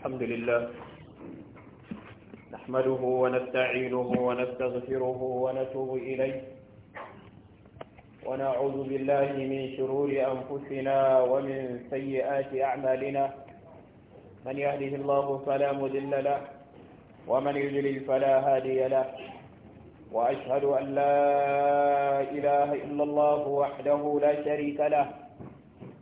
الحمد لله نحمده ونستعينه ونستغفره ونتوب إليه ونعوذ بالله من شرور أنفسنا ومن سيئات أعمالنا من يهده الله فلا مذل له ومن يذلل فلا هادي له وأشهد أن لا إله إلا الله وحده لا شريك له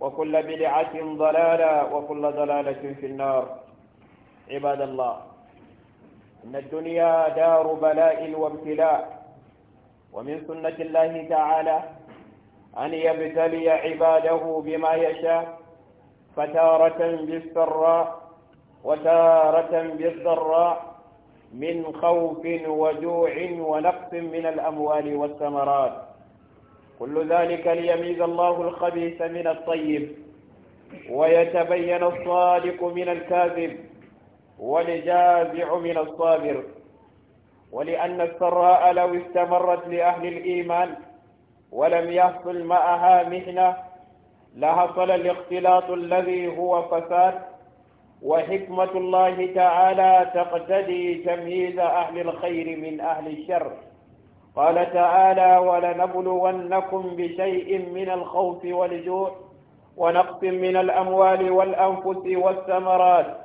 وكل بدعة ضلالة وكل ضلالة في النار عباد الله إن الدنيا دار بلاء وابتلاء ومن سنة الله تعالى أن يبتلي عباده بما يشاء فتارة بالسراء وتارة بالضراء من خوف وجوع ونقص من الأموال والثمرات كل ذلك ليميز الله الخبيث من الطيب ويتبين الصادق من الكاذب والجازع من الصابر ولأن السراء لو استمرت لأهل الإيمان ولم يحصل معها مهنة لحصل الاختلاط الذي هو فساد وحكمة الله تعالى تقتدي تمييز أهل الخير من أهل الشر قال تعالى ولنبلونكم بشيء من الخوف والجوع ونقص من الأموال والأنفس والثمرات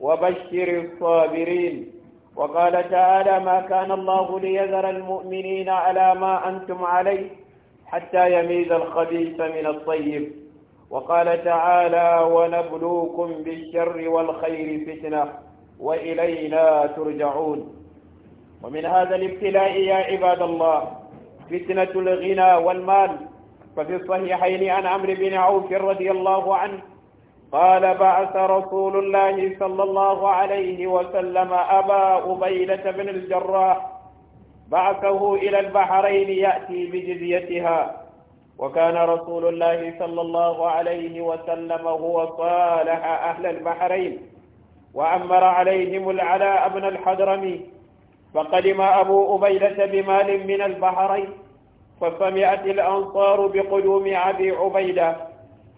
وبشر الصابرين وقال تعالى ما كان الله ليذر المؤمنين على ما أنتم عليه حتى يميز الخبيث من الطيب وقال تعالى ونبلوكم بالشر والخير فتنة وإلينا ترجعون ومن هذا الابتلاء يا عباد الله فتنة الغنى والمال ففي الصحيحين عن عمرو بن عوف رضي الله عنه قال بعث رسول الله صلى الله عليه وسلم أبا أبيلة بن الجراح بعثه إلى البحرين يأتي بجزيتها وكان رسول الله صلى الله عليه وسلم هو صالح أهل البحرين وأمر عليهم العلاء بن الحضرمي فقدم أبو أبيدة بمال من البحرين فسمعت الأنصار بقدوم أبي عبيدة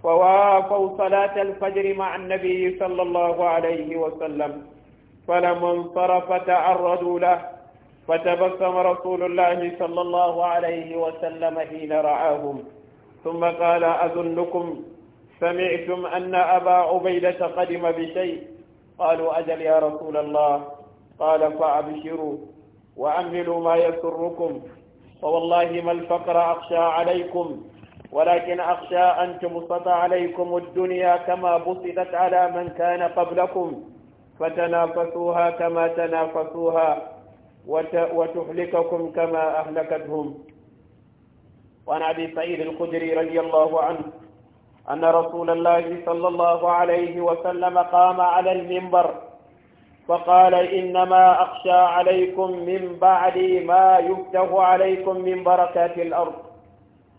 فوافوا صلاة الفجر مع النبي صلى الله عليه وسلم فلما انصرف تعرضوا له فتبسم رسول الله صلى الله عليه وسلم حين رعاهم ثم قال أظنكم سمعتم أن أبا عبيدة قدم بشيء قالوا أجل يا رسول الله قال فأبشروا وأملوا ما يسركم فوالله ما الفقر أخشى عليكم ولكن أخشى أن تبسط عليكم الدنيا كما بسطت على من كان قبلكم فتنافسوها كما تنافسوها وتهلككم كما أهلكتهم وعن أبي سعيد الخدري رضي الله عنه أن رسول الله صلى الله عليه وسلم قام على المنبر فقال إنما أخشى عليكم من بعد ما يفتح عليكم من بركات الأرض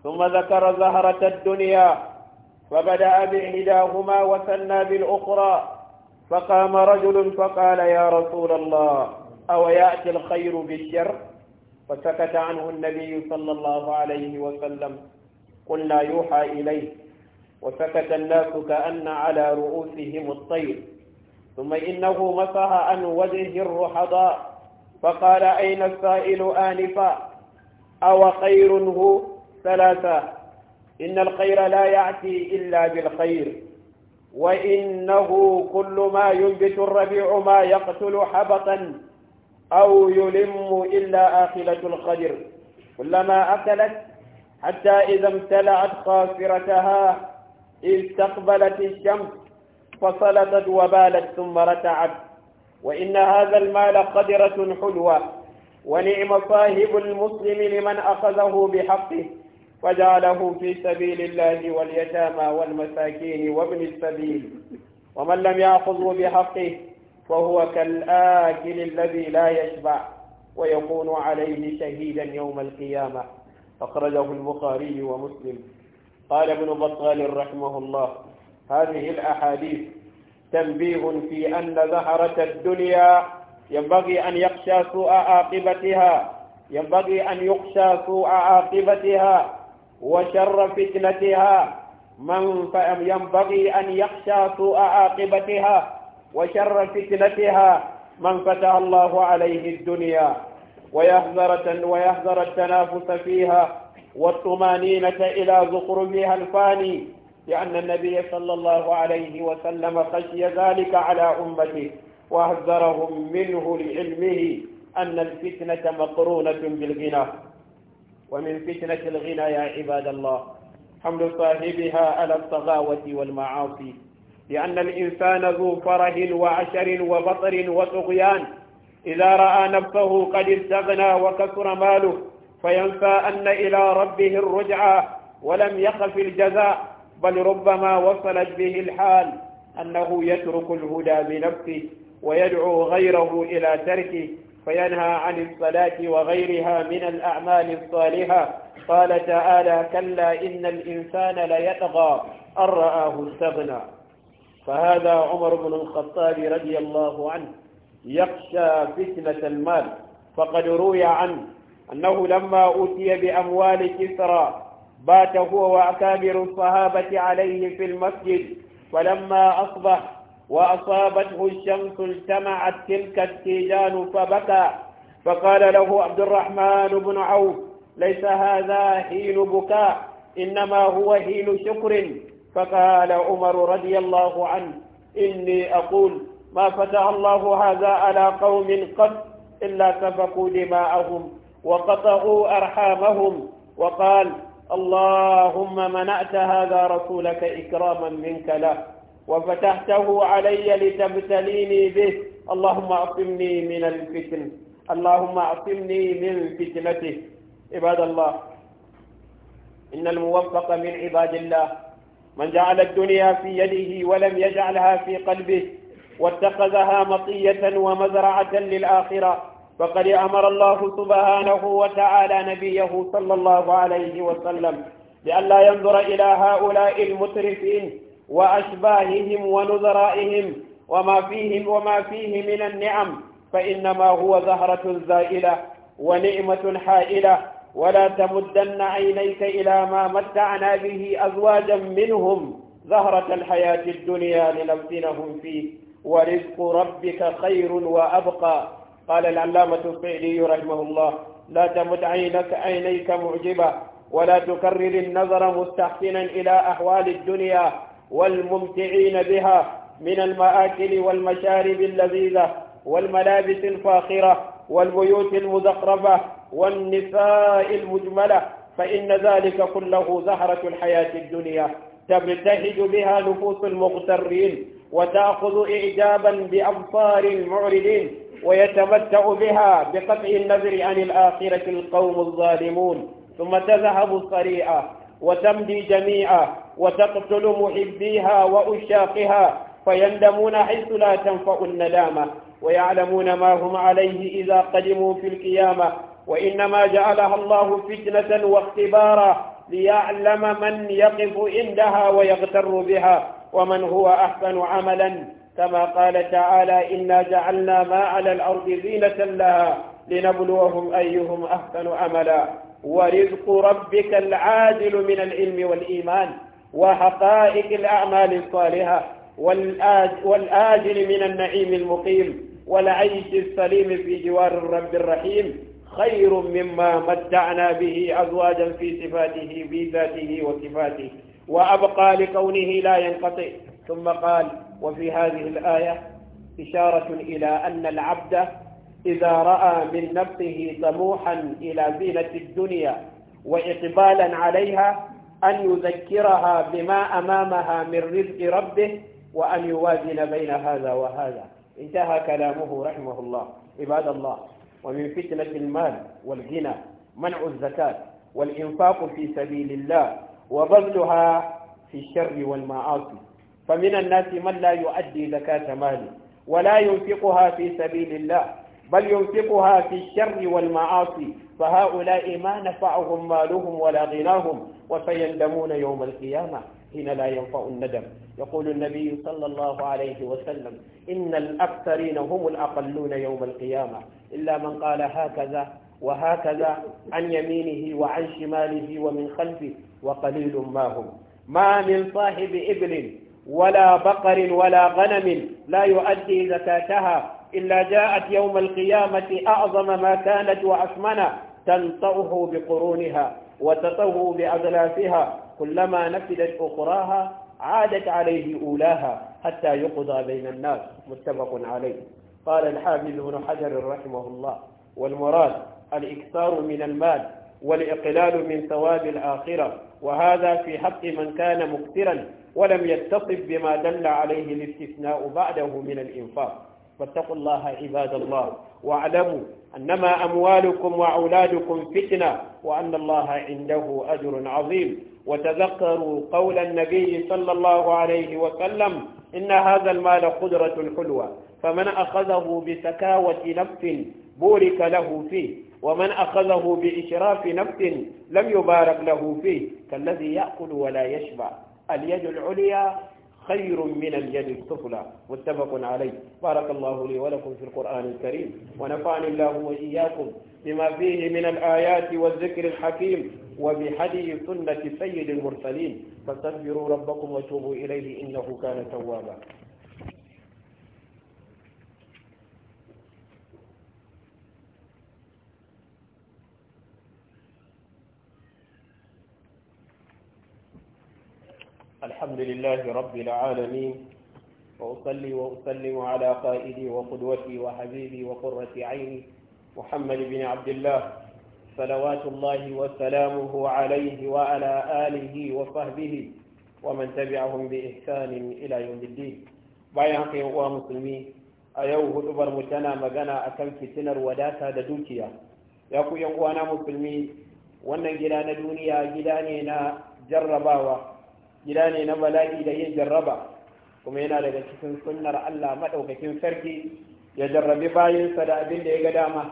ثم ذكر زهرة الدنيا فبدأ بإحداهما وثنى بالأخرى فقام رجل فقال يا رسول الله أو يأتي الخير بالشر فسكت عنه النبي صلى الله عليه وسلم قلنا يوحى إليه وسكت الناس كأن على رؤوسهم الطير ثم إنه مسح عن وجهه الرحضاء فقال أين السائل آنفا أو خير هو ثلاثة إن الخير لا يأتي إلا بالخير وإنه كل ما ينبت الربيع ما يقتل حبطا أو يلم إلا آخلة الخدر كلما أكلت حتى إذا امتلعت خافرتها استقبلت الشمس فسلطت وبالت ثم رتعت وإن هذا المال قدرة حلوة ونعم صاحب المسلم لمن أخذه بحقه فجعله في سبيل الله واليتامى والمساكين وابن السبيل ومن لم يأخذه بحقه فهو كالآكل الذي لا يشبع ويكون عليه شهيدا يوم القيامة أخرجه البخاري ومسلم قال ابن بطال رحمه الله هذه الأحاديث تنبيه في أن زهرة الدنيا ينبغي أن يخشى سوء عاقبتها ينبغي أن يخشى سوء عاقبتها وشر فتنتها من ينبغي أن يخشى سوء عاقبتها وشر فتنتها من فتح الله عليه الدنيا ويحذر ويحذر التنافس فيها والطمانينة إلى زخرفها الفاني لأن النبي صلى الله عليه وسلم خشي ذلك على أمته وأحذرهم منه لعلمه أن الفتنة مقرونة بالغنى ومن فتنة الغنى يا عباد الله حمل صاحبها على الطغاوة والمعاصي لأن الإنسان ذو فره وعشر وبطر وطغيان إذا رأى نفسه قد استغنى وكثر ماله فينسى أن إلى ربه الرجعة ولم يخف الجزاء بل ربما وصلت به الحال أنه يترك الهدى بنفسه ويدعو غيره إلى تركه فينهى عن الصلاة وغيرها من الأعمال الصالحة قال تعالى كلا إن الإنسان ليطغى أن رآه استغنى فهذا عمر بن الخطاب رضي الله عنه يخشى فتنة المال فقد روي عنه أنه لما أوتي بأموال كسرى بات هو وأكابر الصحابة عليه في المسجد فلما أصبح وأصابته الشمس التمعت تلك التيجان فبكى فقال له عبد الرحمن بن عوف ليس هذا حين بكاء إنما هو حين شكر فقال عمر رضي الله عنه إني أقول ما فتح الله هذا على قوم قط إلا سفكوا دماءهم وقطعوا أرحامهم وقال اللهم منعت هذا رسولك إكراما منك له وفتحته علي لتبتليني به اللهم أعصمني من الفتن اللهم أعصمني من فتنته عباد الله إن الموفق من عباد الله من جعل الدنيا في يده ولم يجعلها في قلبه واتخذها مطية ومزرعة للآخرة فقد أمر الله سبحانه وتعالى نبيه صلى الله عليه وسلم لئلا ينظر إلى هؤلاء المترفين وأشباههم ونذرائهم وما فيهم وما فيه من النعم فإنما هو زهرة زائلة ونعمة حائلة ولا تمدن عينيك إلى ما متعنا به أزواجا منهم زهرة الحياة الدنيا لنفتنهم فيه ورزق ربك خير وأبقى قال العلامة الفعلي رحمه الله لا تمد عينك عينيك معجبة ولا تكرر النظر مستحسنا إلى أحوال الدنيا والممتعين بها من المآكل والمشارب اللذيذة والملابس الفاخرة والبيوت المزخرفة والنساء المجملة فإن ذلك كله زهرة الحياة الدنيا تبتهج بها نفوس المغترين وتأخذ إعجابا بأبصار المعرضين ويتمتع بها بقطع النذر عن الآخرة القوم الظالمون ثم تذهب الصريعة وتمدي جميعا وتقتل محبيها وأشاقها فيندمون حيث لا تنفع الندامة ويعلمون ما هم عليه إذا قدموا في القيامة وإنما جعلها الله فتنة واختبارا ليعلم من يقف عندها ويغتر بها ومن هو أحسن عملا كما قال تعالى إنا جعلنا ما على الأرض زينة لها لنبلوهم أيهم أحسن عملا ورزق ربك العادل من العلم والإيمان وحقائق الأعمال الصالحة والآجل من النعيم المقيم والعيش السليم في جوار الرب الرحيم خير مما متعنا به أزواجا في صفاته في ذاته وصفاته وأبقى لكونه لا ينقطع ثم قال وفي هذه الآية إشارة إلى أن العبد إذا رأى من نفسه طموحا إلى زينة الدنيا وإقبالا عليها أن يذكرها بما أمامها من رزق ربه وأن يوازن بين هذا وهذا انتهى كلامه رحمه الله عباد الله ومن فتنة المال والغنى منع الزكاة والإنفاق في سبيل الله وبذلها في الشر والمعاصي فمن الناس من لا يؤدي زكاة ماله ولا ينفقها في سبيل الله بل ينفقها في الشر والمعاصي فهؤلاء ما نفعهم مالهم ولا غناهم وسيندمون يوم القيامة حين لا ينفع الندم يقول النبي صلى الله عليه وسلم إن الأكثرين هم الأقلون يوم القيامة إلا من قال هكذا وهكذا عن يمينه وعن شماله ومن خلفه وقليل ما هم ما من صاحب إبل ولا بقر ولا غنم لا يؤدي زكاتها إلا جاءت يوم القيامة أعظم ما كانت وأثمن تنطئه بقرونها وتطوه بأغلافها كلما نفدت أخراها عادت عليه أولاها حتى يقضى بين الناس متفق عليه قال الحافظ بن حجر رحمه الله والمراد الإكثار من المال والإقلال من ثواب الآخرة وهذا في حق من كان مكثرا ولم يتصف بما دل عليه الاستثناء بعده من الإنفاق فاتقوا الله عباد الله واعلموا أنما أموالكم وأولادكم فتنة وأن الله عنده أجر عظيم وتذكروا قول النبي صلى الله عليه وسلم إن هذا المال قدرة حلوة فمن أخذه بسكاوة نفس بورك له فيه ومن أخذه بإشراف نفس لم يبارك له فيه كالذي يأكل ولا يشبع اليد العليا خير من اليد السفلى متفق عليه بارك الله لي ولكم في القرآن الكريم ونفعني الله وإياكم بما فيه من الآيات والذكر الحكيم وبهدي سنة سيد المرسلين فاستغفروا ربكم وتوبوا إليه إنه كان توابا الحمد لله رب العالمين وأصلي وأسلم على قائدي وقدوتي وحبيبي وقرة عيني محمد بن عبد الله صلوات الله وسلامه عليه وعلى آله وصحبه ومن تبعهم بإحسان إلى يوم الدين bayan haka yan uwa musulmi a yau hudubar mu tana magana akan fitinar wadata da dukiya ya ku yan uwa na musulmi wannan gida na duniya gida ne na jarrabawa gida ne na bala'i da yin jarraba kuma yana daga cikin sunnar Allah madaukakin sarki ya jarrabi bayansa da abin da ya ga dama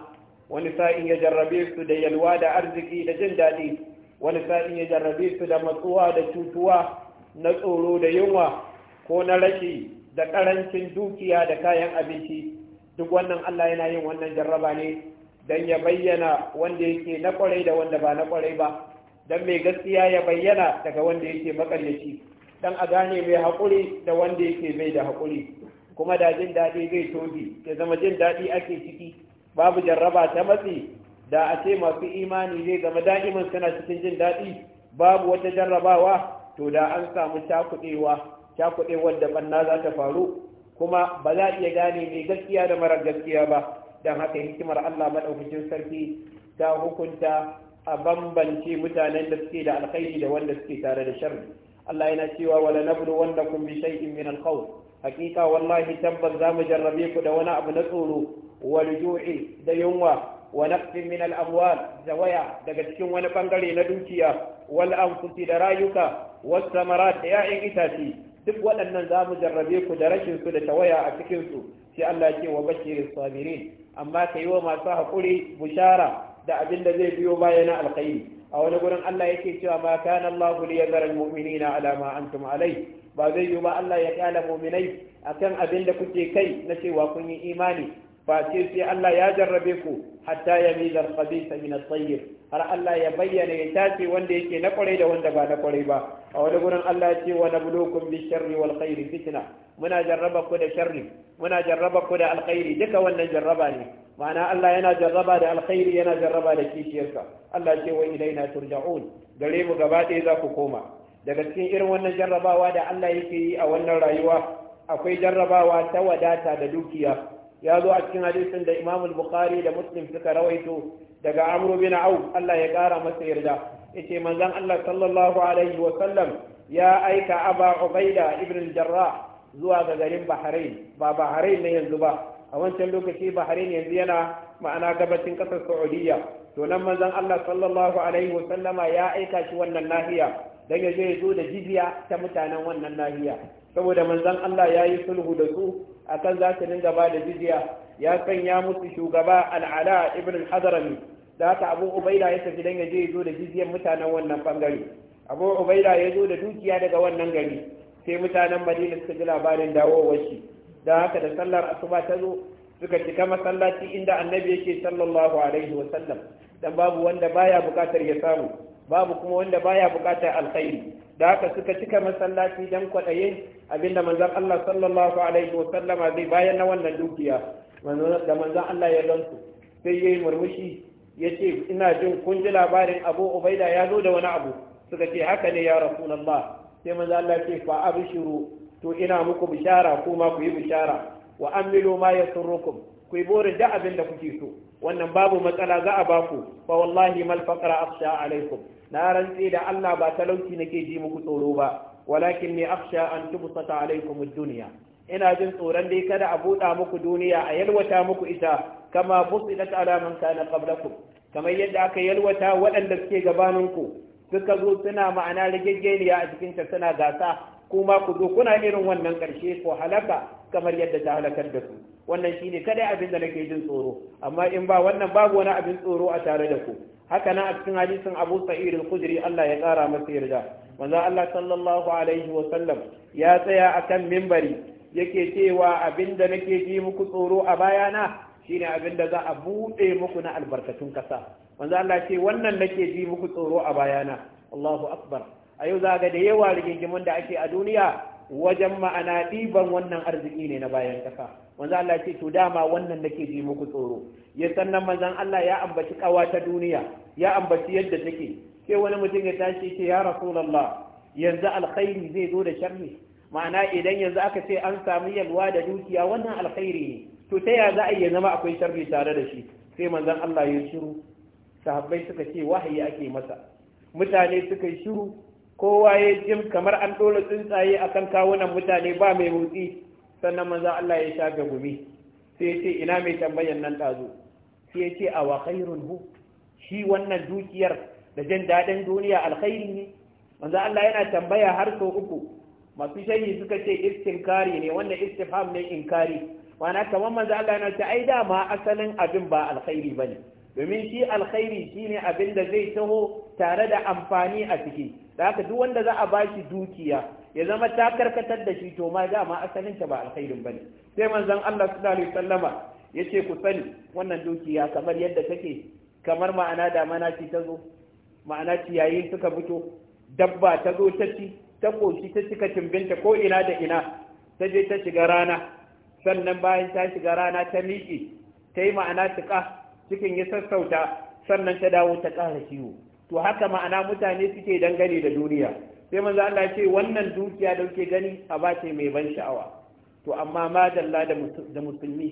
wani sa'in ya jarrabe su da yalwa da arziki da jin daɗi wani sa'in ya jarrabe su da matsuwa da cutuwa na tsoro da yunwa ko na rashi da ƙarancin dukiya da kayan abinci duk wannan Allah yana yin wannan jarraba ne don ya bayyana wanda yake na kwarai da wanda ba na kwarai ba dan mai gaskiya ya bayyana daga wanda yake makaryaci dan a gane mai haƙuri da wanda yake bai da haƙuri kuma da jin daɗi zai tobi ya zama jin daɗi ake ciki babu jarraba ta matsi da a ce masu imani zai zama da'iman suna cikin jin daɗi babu wata jarrabawa to da an samu cakuɗewa cakuɗewar da banna za ta faru kuma ba za a iya gane mai gaskiya da marar gaskiya ba Dan haka hikimar allah maɗaukacin sarki ta hukunta a bambance mutanen da suke da alkhairi da wanda suke tare da sharri Allah yana cewa wala nabru kun bi shay'in min al-khawf hakika wallahi tabbas zamu jarrabe ku da wani abu na tsoro wal ju'i da yunwa wa naqsin min al zawaya daga cikin wani bangare na dukiya wal anfusi da rayuka was samarat da ya'in itace duk waɗannan mu jarrabe ku da rashin su da tawaya a cikinsu, sai Allah ya ce wa bashirin sabirin amma kai wa masu haƙuri bushara da abin da zai biyo baya na alkhairi a wani gurin Allah yake cewa ma kana Allah li yazara almu'minina ala ma antum alai ba zai yi ba Allah ya kyala mu'minai akan abin da kuke kai na cewa kun yi imani face sai Allah ya jarrabe ku hatta ya mi zar khabisa min at-tayyib har Allah ya bayyana ya tace wanda yake na kwarai da wanda ba na kwarai ba a wani gurin Allah ya ce wa nabluukum bi sharri wal khairi fitna muna jarraba ku da sharri muna jarraba ku da alkhairi duka wannan jarraba ne ma'ana Allah yana jarraba da alkhairi yana jarraba da kishiyarka. Allah ce wa ilaina turja'un gare mu gaba ɗaya za ku koma daga cikin irin wannan jarrabawa da Allah yake yi a wannan rayuwa akwai jarrabawa ta wadata da dukiya ya zo a cikin hadisin da Imam Bukhari da Muslim suka rawaito daga Amr bin Allah ya ƙara masa yarda yace manzon Allah sallallahu alaihi wa sallam ya aika Aba Ubaida ibn jarrah zuwa ga garin Bahrain ba Bahrain ne yanzu ba a wancan lokaci bahrain yanzu yana ma'ana gabacin ƙasar saudiya to nan manzon allah sallallahu alaihi wasallama ya aika shi wannan nahiya dan ya je ya zo da jizya ta mutanen wannan nahiya saboda manzon allah ya yi sulhu da su akan za su dinga ba da jizya ya sanya musu shugaba al'ala ibn al-hadrami da haka abu ubaida ya tafi dan ya je ya zo da jizyar mutanen wannan bangare abu ubaida ya zo da dukiya daga wannan gari sai mutanen madina suka ji labarin dawowar shi da haka da sallar asuba ta zo suka cika masallaci inda annabi yake sallallahu alaihi wa sallam dan babu wanda baya bukatar ya samu babu kuma wanda baya bukatar alkhairi da haka suka cika masallaci dan kwadayin abinda manzon Allah sallallahu alaihi wa sallama zai bayan na wannan dukiya da manzon Allah ya lantu sai yayi murmushi ya ce ina jin kun ji labarin Abu Ubaida ya zo da wani abu suka ce haka ne ya Rasulullah sai manzon Allah ya ce fa abshiru to ina muku bishara kuma ku yi bishara wa amilu ma yasurrukum ku yi burin da abin da kuke so wannan babu matsala za a baku fa wallahi mal faqra afsha alaikum na rantse da Allah ba talauci nake ji muku tsoro ba walakin ni afsha an tubsata alaikum ad-dunya ina jin tsoron dai kada a buɗa muku duniya a yalwata muku ita kama busidat ala man kana qablakum kamar yadda aka yalwata waɗanda suke gabaninku suka zo suna ma'ana rigaggeniya a cikin ta suna gasa kuma ku zo kuna irin wannan ƙarshe ko halaka kamar yadda ta halakar da su wannan shine kadai abin da nake jin tsoro amma in ba wannan babu wani abin tsoro a tare da ku haka nan a cikin hadisin Abu Sa'id al-Khudri Allah ya kara masa yarda manzo Allah sallallahu alaihi wa sallam ya tsaya akan mimbari yake cewa abin da nake ji muku tsoro a bayana shine abin da za a buɗe muku na albarkatun ƙasa manzo Allah ce wannan nake ji muku tsoro a bayana Allahu akbar a yau za ga da yawa rigingimin da ake a duniya wajen ma'ana ɗiban wannan arziki ne na bayan ƙasa manzo Allah ce to dama wannan nake ji muku tsoro ya sannan manzon Allah ya ambaci kawa ta duniya ya ambaci yadda take sai wani mutum ya tashi ce ya rasulullah yanzu alkhairi zai zo da sharri ma'ana idan yanzu aka ce an samu yalwa da dukiya wannan alkhairi ne to ta ya za a iya zama akwai sharri tare da shi sai manzan Allah ya shiru sahabbai suka ce wahayi ake masa mutane suka yi shiru kowa ya jim kamar an ɗora tsuntsaye a kan kawunan mutane ba mai motsi sannan manzo Allah ya shafe gumi sai ya ce ina mai tambayan nan ɗazu sai ya ce a wa khairun hu shi wannan dukiyar da jin daɗin duniya alkhairi ne manzo Allah yana tambaya har sau uku masu shayi suka ce istinkari ne wannan istifham ne in inkari wana kamar manzo Allah yana ce ai dama asalin abin ba alkhairi ne. domin shi alkhairi shine abin da zai taho tare da amfani a ciki da haka duk wanda za a ba shi dukiya ya zama ta karkatar da shi to ma dama asalin ta ba alkhairin bane sai manzon Allah sallallahu alaihi wasallama yace ku sani wannan dukiya kamar yadda take kamar ma'ana da mana ci ta zo ma'ana ciyayi suka fito dabba ta zo ta ci ta koshi ta cika cimbinta ko ina da ina ta je ta shiga rana sannan bayan ta shiga rana ta miƙe ta yi ma'ana tuƙa cikin ya sassauta sannan ta dawo ta ƙara kiwo to haka ma'ana mutane suke dangane da duniya sai manzo Allah ce wannan dukiya da kuke gani a bace mai ban sha'awa to amma madalla da musulmi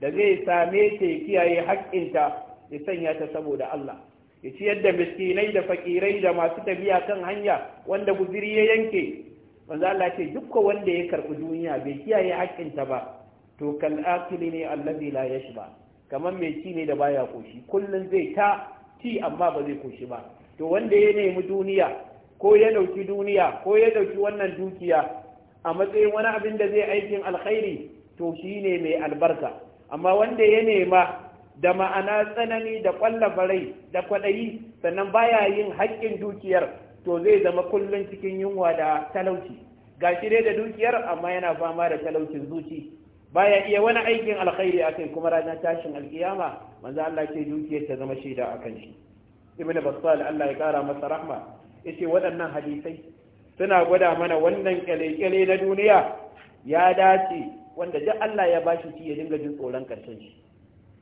da zai same ta ya kiyaye haƙƙinta ya sanya ta saboda Allah ya ci yadda miskinai da fakirai da masu tafiya kan hanya wanda guziri ya yanke manzo Allah ce dukkan wanda ya karɓi duniya bai kiyaye haƙƙinta ba to kal akili ne allazi la yashba kamar mai ci ne da baya koshi kullun zai ta ci amma ba zai koshi ba to wanda ya nemi duniya ko ya dauki duniya ko ya dauki wannan dukiya a matsayin wani abin da zai aikin alkhairi to shine mai albarka amma wanda ya nema da ma'ana tsanani da kwallafa rai da kwaɗayi sannan baya yin haƙƙin dukiyar to zai zama kullum cikin yunwa da talauci ga shi dai da dukiyar amma yana fama da talaucin zuci baya iya wani aikin alkhairi a kai kuma ranar tashin alkiyama manzo Allah ke dukiyar ta zama shaida akan shi ibnu basal Allah ya kara masa rahma yace waɗannan hadisai suna gwada mana wannan kyale-kyale na duniya ya dace wanda duk Allah ya bashi shi ya dinga jin tsoron karshen shi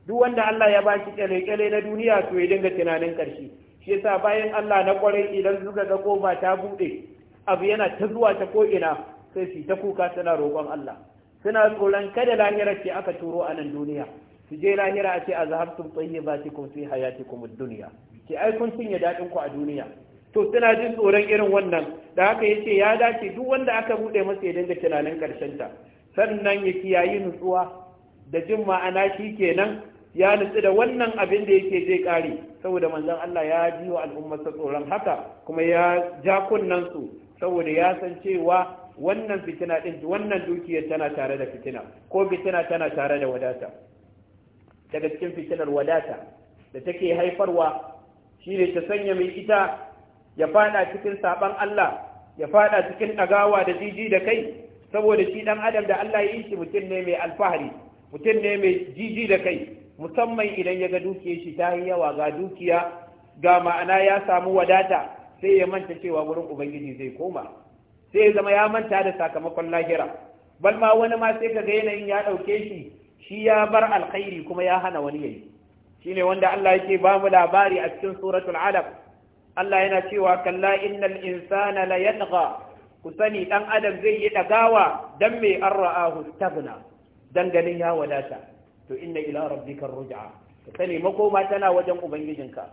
duk wanda Allah ya bashi kyale-kyale na duniya to ya dinga tunanin karshe shi yasa bayan Allah na kwarai idan suka ga koma ta bude abu yana ta zuwa ta ko ina sai su ta kuka tana roƙon Allah suna tsoron kada lahira ce aka turo a nan duniya su je lahira a ce a zahabtum tayyibatikum fi hayatikum ad-dunya ce ai kun cinye daɗin ku a duniya to suna jin tsoron irin wannan da haka yace ya dace duk wanda aka bude masa ya dinga tunanin karshen ta sannan ya kiyayi nutsuwa da jin ma'ana shi kenan ya nutsu da wannan abin da yake zai kare saboda manzon Allah ya ji wa al'ummarsa tsoron haka kuma ya ja kunnan su saboda ya san cewa wannan fitina din wannan dukiyar tana tare da fitina ko fitina tana tare da wadata daga cikin fitinar wadata da take haifarwa shine ta sanya mai ita ya fada cikin saban Allah ya fada cikin dagawa da jiji da kai saboda shi dan adam da Allah ya yi shi mutum ne mai alfahari mutum ne mai jiji da kai musamman idan ya ga dukiyar shi ta yi yawa ga dukiya ga ma'ana ya samu wadata sai ya manta cewa wurin ubangiji zai koma sai ya zama ya manta da sakamakon lahira bal ma wani ma sai kaga yanayin ya ɗauke shi shi ya bar alkhairi kuma ya hana wani yayi shine wanda Allah yake ba mu labari a cikin suratul alaq Allah yana cewa kalla innal insana la yatgha ku sani dan adam zai yi dagawa dan me an ra'ahu stagna dan ganin ya wadata to inna ila rabbika ruj'a ka sani makoma tana wajen ubangijinka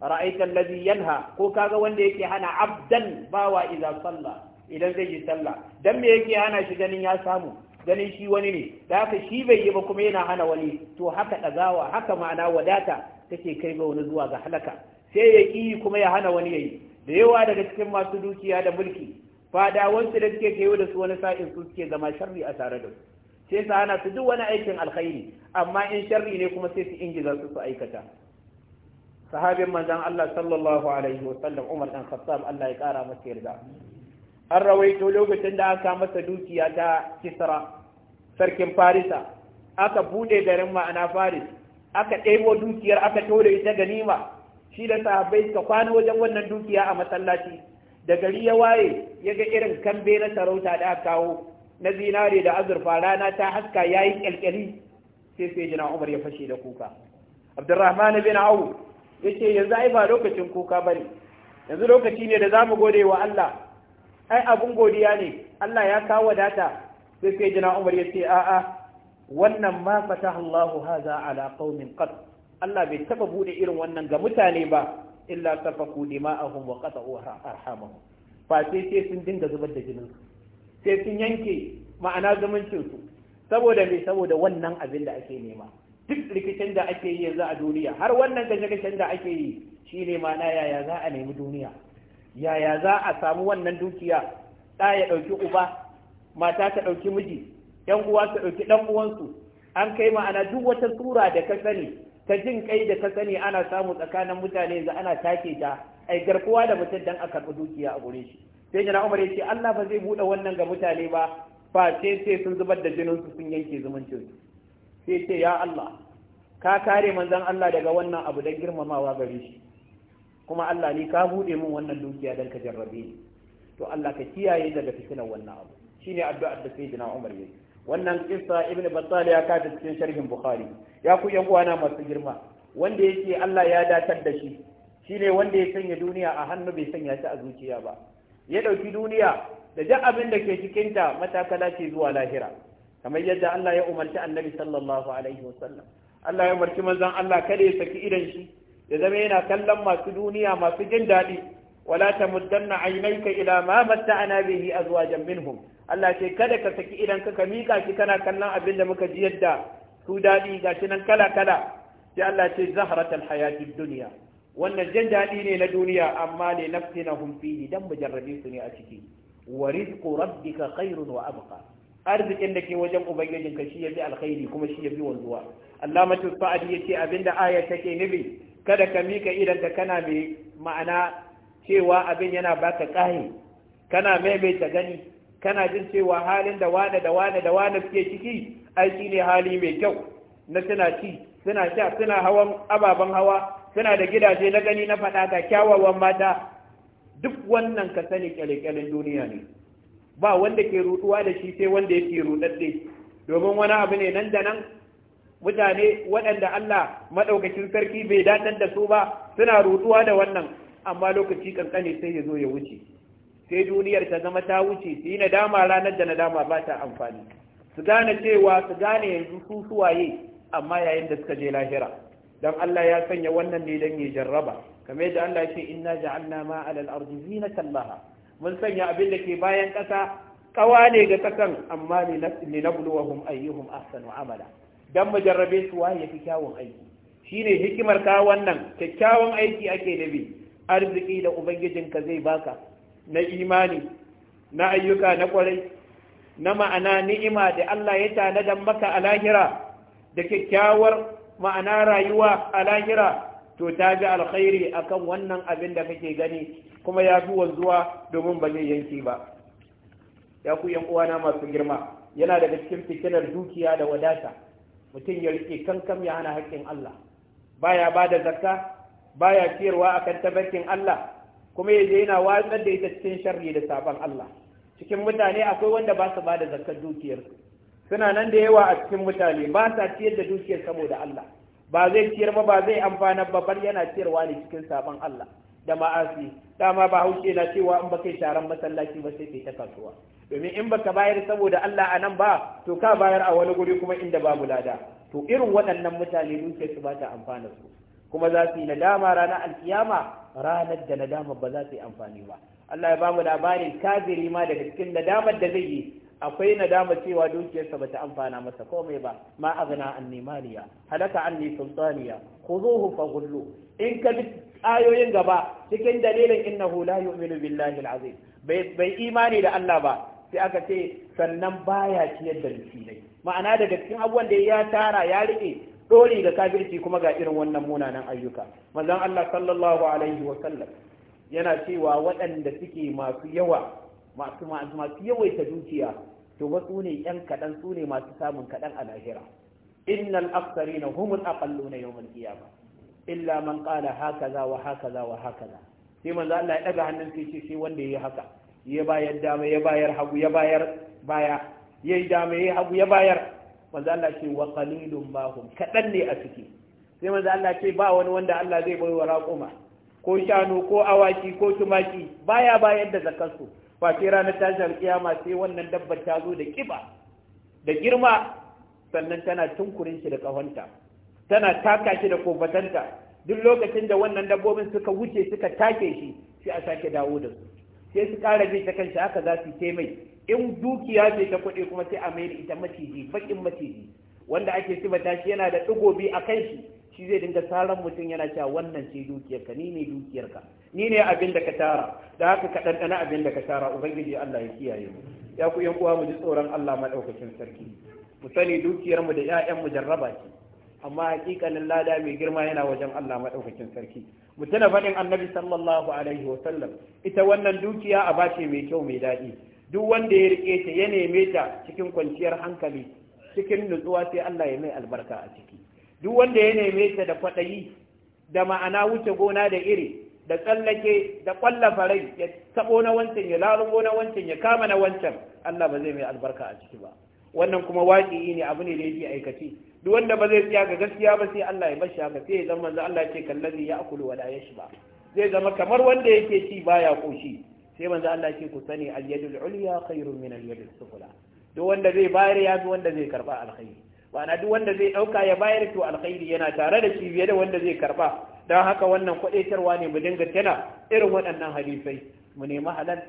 ra'aita allazi yanha ko kaga wanda yake hana abdan bawa idza sallah. idan zai yi sallah dan me yake hana shi ganin ya samu ganin shi wani ne da haka shi bai yi ba kuma yana hana wani to haka ɗagawa haka ma'ana wadata take kai ga wani zuwa ga halaka sai ya ƙi kuma ya hana wani yayi da yawa daga cikin masu dukiya da mulki fadawansu da suke kai da su wani sa'in su suke zama sharri a tare da su sai su hana su duk wani aikin alkhairi amma in sharri ne kuma sai su ingiza su su aikata sahabin manzon Allah sallallahu alaihi wa sallam Umar dan Khattab Allah ya kara masa yarda an rawaito lokacin da aka masa dukiya ta kisra sarkin farisa aka bude garin ma'ana faris aka ɗebo dukiyar aka tore ita ganima shi da sahabbai suka kwana wajen wannan dukiya a masallaci da gari ya waye ya ga irin kambe na sarauta da aka kawo na zinare da azurfa rana ta haska ya yi ƙyalƙyali sai sai jina umar ya fashe da kuka abdurrahman bin awu ya ce yanzu ai ba lokacin kuka ba ne yanzu lokaci ne da za mu gode wa allah ai abun godiya ne Allah ya kawo wadata sai sai jina Umar ya ce a'a wannan ma fataha haza ala qaumin qad Allah bai taba bude irin wannan ga mutane ba illa safaku dima'ahum wa qata'u arhamahum fa sai sai sun dinga zubar da jinin sai sun yanke ma'ana zumuncin su saboda me saboda wannan abin da ake nema duk rikicin da ake yi yanzu a duniya har wannan gaje kashen da ake yi shine ma'ana yaya za a nemi duniya yaya za a samu wannan dukiya ɗa ya ɗauki uba mata ta ɗauki miji ‘yan uwa su ɗauki ɗan uwansu an kai ma'ana duk wata sura da ka sani ta jin kai da ka sani ana samu tsakanin mutane da ana take ta ai garkuwa da mutum dan a karɓi dukiya a gurin shi sai jana umar ya ce Allah ba zai buɗe wannan ga mutane ba fa sai sai sun zubar da jinin su sun yanke zumuncin sai ce ya Allah ka kare manzon Allah daga wannan abu dan girmamawa gare shi kuma Allah ni ka buɗe min wannan dukiya dan ka jarrabe ni to Allah ka kiyaye daga fitinan wannan abu shine addu'ar da sayyidina Umar yayi wannan kissa ibnu battal ya kada cikin sharhin bukhari ya ku yan uwana masu girma wanda yake Allah ya datar da shi shine wanda ya sanya duniya a hannu bai sanya shi a zuciya ba ya dauki duniya da duk abin da ke cikin ta matakala ce zuwa lahira kamar yadda Allah ya umarci annabi sallallahu alaihi wasallam Allah ya umarci manzon Allah kada ya saki idan shi ya zama yana kallon masu duniya masu jin daɗi wala na aynayka ila ma matta'na bihi azwajan hum. Allah ce kada ka saki idan ka ka mika shi kana kallon abin da muka ji yadda su daɗi shi nan kala kala sai Allah ce zahratal hayatid duniya. wannan jin daɗi ne na duniya amma ne nafsinahum fihi dan jarrabe su ne a ciki wa rizqu rabbika khairun wa abqa arzikin da ke wajen ubangijinka shi yafi alkhairi kuma shi yafi wanzuwa Allah matu sa'adi yace abinda aya take nufi kada ka mika idan da kana mai ma'ana cewa abin yana baka ƙahi kana maimaita gani kana jin cewa halin da wane da wane da wane suke ciki aiki ne hali mai kyau na suna ci suna sha suna hawan ababen hawa suna da gidaje na gani na faɗa ga kyawawan mata duk wannan ka sani kyale-kyalen duniya ne ba wanda ke rutuwa da shi sai wanda yake rudadde domin wani abu ne nan da nan mutane waɗanda Allah maɗaukacin sarki bai daɗar da su ba suna rutuwa da wannan amma lokaci kankane sai ya zo ya wuce sai duniyar ta zama ta wuce su yi nadama ranar da nadama ba ta amfani su gane cewa su gane yanzu su suwaye amma yayin da suka je lahira dan Allah ya sanya wannan ne dan ya jarraba kamar yadda Allah ya ce inna ja'alna ma 'alal ardi zinatan laha mun sanya abin da ke bayan ƙasa Ƙawa ne ga ƙasan amma ne na bulwahum ayyuhum ahsanu amala don majarrabe su waye yafi kyawun aiki shine hikimar ka wannan kyakkyawan aiki ake nabi arziki da ubangijin ka zai baka na imani na ayyuka na kwarai na ma'ana ni'ima da Allah ya tanadan maka a lahira da kyakkyawar ma'ana rayuwa a lahira to ta bi alkhairi akan wannan abin da kake gani kuma ya fi wanzuwa domin ba zai yanki ba ya ku yan uwana masu girma yana daga cikin fitinar dukiya da wadata mutum ya rike kankan ya hana haƙƙin Allah baya ba da zakka baya ciyarwa akan tabarkin Allah kuma ya je yana watsar da ita cikin sharri da sabon Allah cikin mutane akwai wanda ba su ba da zakkar dukiyarsu suna nan da yawa a cikin mutane ba sa ciyar da dukiyar saboda Allah ba zai ciyar ba ba zai amfana ba bar yana ciyarwa ne cikin sabon Allah da ma'asi dama ba haushe na cewa in ba kai sharan masallaci ba sai kai ta kasuwa domin in baka bayar saboda Allah a nan ba to ka bayar a wani guri kuma inda babu lada to irin waɗannan mutane dukiyar su ba ta amfana su kuma za su yi nadama ranar alkiyama ranar da nadama ba za su yi amfani ba Allah ya bamu labarin kafiri ma daga cikin nadamar da zai yi akwai nadama cewa dukiyarsa bata amfana masa komai ba ma azna anni maliya halaka anni sultaniya khuduhu faghullu in ka bi ayoyin gaba cikin dalilin innahu la yu'minu billahi alazim bai imani da Allah ba sai aka ce sannan baya ciyar da miskinai ma'ana daga cikin abubuwan da ya tara ya riƙe. ɗori ga kafirci kuma ga irin wannan munanan ayyuka manzon Allah sallallahu alaihi wa sallam yana cewa waɗanda suke masu yawa masu masu yawaita dukiya to wasu ne yan kaɗan su ne masu samun kaɗan a lahira innal aktharina humul aqalluna yawmal qiyamah illa man qala hakaza wa hakaza wa hakaza sai manzo Allah ya daga hannun sai ce sai wanda yayi haka ya bayar dama ya bayar hagu ya bayar baya ya yi dama ya hagu ya bayar manzo Allah ce wa qalilun ma hum ne a ciki sai manzo Allah ce ba wani wanda Allah zai bai wa raƙuma ko shanu ko awaki ko tumaki baya bayar da zakarsu ba sai ranar tashar kiyama sai wannan dabbar ta zo da kiba da girma sannan tana tunkurin shi da kahonta tana taka shi da kofatanta duk lokacin da wannan dabbobin suka wuce suka take shi sai a sake dawo da su sai su kara bi ta kanta haka za su yi mai in dukiya ce ta kuɗi kuma sai a mai da ita maciji baƙin maciji wanda ake sibata shi yana da ɗigobi a kan shi shi zai dinga saran mutum yana cewa wannan ce dukiyarka ni ne dukiyarka ni ne abin da ka tara da haka ka ɗanɗana abin da ka tara ubangiji Allah ya kiyaye mu ya ku yan uwa mu ji tsoron Allah maɗaukacin sarki mu sani dukiyarmu da 'ya'yanmu jarraba ce amma hakikanin lada mai girma yana wajen Allah maɗaukakin sarki mu faɗin annabi sallallahu alaihi wa sallam ita wannan dukiya a bace mai kyau mai daɗi duk wanda ya rike ta ya neme ta cikin kwanciyar hankali cikin nutsuwa sai Allah ya mai albarka a ciki duk wanda ya neme ta da kwaɗayi da ma'ana wuce gona da iri da tsallake da ƙwallafa rai ya taɓo na wancan ya lalubo na wancan ya kama na wancan Allah ba zai mai albarka a ciki ba wannan kuma waƙi ne abu ne da yake aikace duk wanda ba zai tsaya ga gaskiya ba sai Allah ya bashi haka sai ya zama manzo Allah ya ce kallazi ya akulu wala yashba zai zama kamar wanda yake ci baya koshi sai manzo Allah ya ce ku sani al yadul ulya khairun min al yadul sufla duk wanda zai bayar ya fi wanda zai karba alkhairi ma'ana duk wanda zai dauka ya bayar to alkhairi yana tare da shi fiye da wanda zai karba don haka wannan kwadaitarwa ne mu dinga tana irin waɗannan hadisai mu nemi halal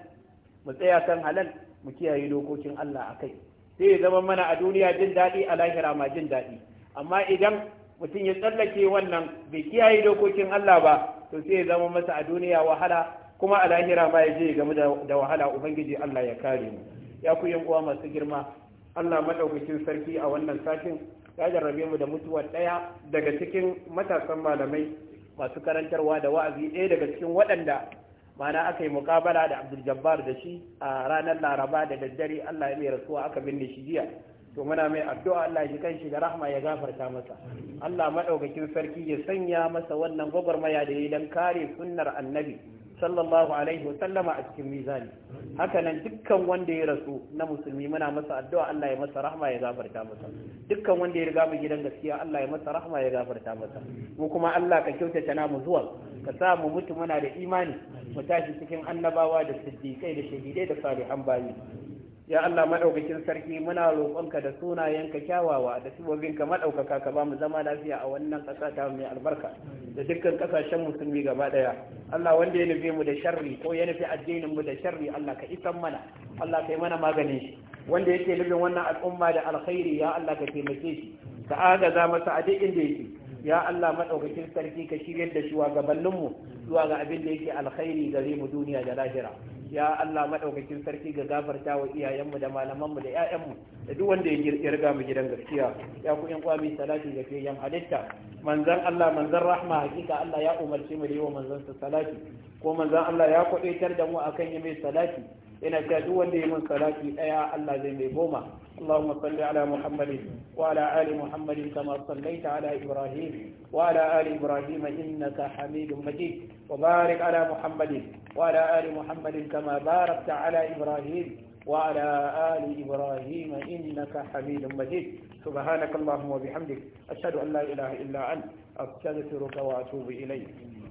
mu tsaya kan halal mu kiyaye dokokin Allah akai sai ya zama mana a duniya jin daɗi a lahira ma jin daɗi amma idan mutum ya tsallake wannan bai kiyaye dokokin Allah ba to sai ya zama masa a duniya wahala kuma a lahira ma ya je game da wahala ubangiji Allah ya kare mu ya ku yan uwa masu girma Allah madaukakin sarki a wannan satin ya jarrabe mu da mutuwa ɗaya daga cikin matasan malamai masu karantarwa da wa'azi ɗaya daga cikin waɗanda mana aka yi mukabala da abdul jabbar da shi a ranar laraba da daddare allah ya mai rasuwa aka binne shi jiya to muna mai addu'a allah shi kan shi da rahma ya gafarta masa allah maɗaukakin sarki ya sanya masa wannan gwagwarmaya da ya dan kare sunnar annabi sallallahu alaihi wasallama a cikin mizani hakanan dukkan wanda ya rasu na musulmi muna masa addu'a Allah ya masa rahma ya gafarta masa dukkan wanda ya riga mu gidan gaskiya Allah ya masa rahma ya gafarta masa mu kuma Allah ka kyautata namu zuwa ka sa mu mutu muna da imani mu tashi cikin annabawa da siddiqai da shahidai da salihan bayi ya Allah maɗaukakin sarki muna roƙonka da sunayenka kyawawa da sibobinka maɗaukaka ka ba mu zama lafiya a wannan ƙasa ta mai albarka da dukkan ƙasashen musulmi gaba ɗaya. Allah wanda ya nufi mu da sharri ko ya nufi addinin mu da sharri Allah ka isan mana Allah kai mana maganin shi wanda yake nufin wannan al'umma da alkhairi ya Allah ka taimake shi ka agaza masa a duk inda yake ya Allah madaukakin sarki ka shiryar da shi wa zuwa ga abin da yake alkhairi gare mu duniya da lahira ya Allah madaukakin sarki ga gafarta wa iyayenmu da malamanmu da ƴaƴanmu da duk wanda ya riga mu gidan gaskiya ya ku in kwami salati ga yan halitta manzon Allah manzon rahma hakika Allah ya umarci mu da yi wa manzon salati ko manzon Allah ya kwaɗaitar da mu akan yi mai salati yana cewa duk wanda ya min salati daya Allah zai mai goma اللهم صل على محمد وعلى آل محمد كما صليت على إبراهيم وعلى آل إبراهيم إنك حميد مجيد وبارك على محمد وعلى آل محمد كما باركت على إبراهيم وعلى آل إبراهيم إنك حميد مجيد سبحانك اللهم وبحمدك أشهد أن لا إله إلا أنت أستغفرك وأتوب إليك